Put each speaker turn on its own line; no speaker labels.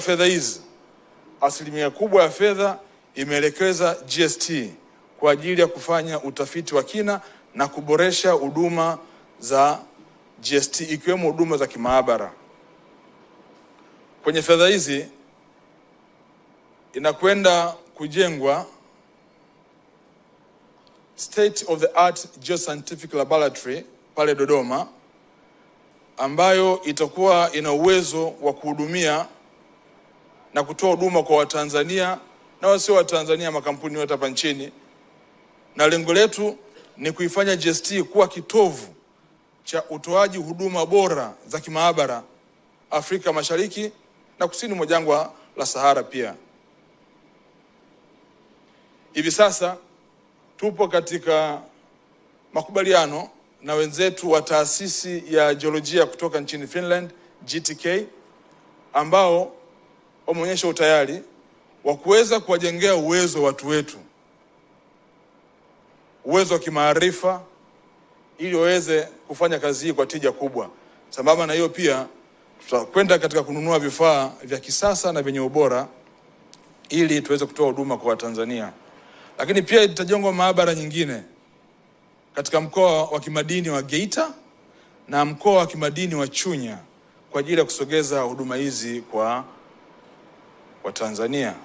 fedha hizi, asilimia kubwa ya fedha imeelekeza GST kwa ajili ya kufanya utafiti wa kina na kuboresha huduma za GST ikiwemo huduma za kimaabara. Kwenye fedha hizi inakwenda kujengwa state of the art geoscientific laboratory pale Dodoma ambayo itakuwa ina uwezo wa kuhudumia na kutoa huduma kwa Watanzania na wasio Watanzania, makampuni yote hapa nchini, na lengo letu ni kuifanya GST kuwa kitovu cha utoaji huduma bora za kimaabara Afrika Mashariki na kusini mwa jangwa la Sahara. Pia hivi sasa tupo katika makubaliano na wenzetu wa taasisi ya jiolojia kutoka nchini Finland GTK ambao wameonyesha utayari wa kuweza kuwajengea uwezo watu wetu, uwezo wa kimaarifa, ili waweze kufanya kazi hii kwa tija kubwa. Sambamba na hiyo, pia tutakwenda katika kununua vifaa vya kisasa na vyenye ubora ili tuweze kutoa huduma kwa Watanzania. Lakini pia itajengwa maabara nyingine katika mkoa wa kimadini wa Geita na mkoa wa kimadini wa Chunya kwa ajili ya kusogeza huduma hizi kwa Watanzania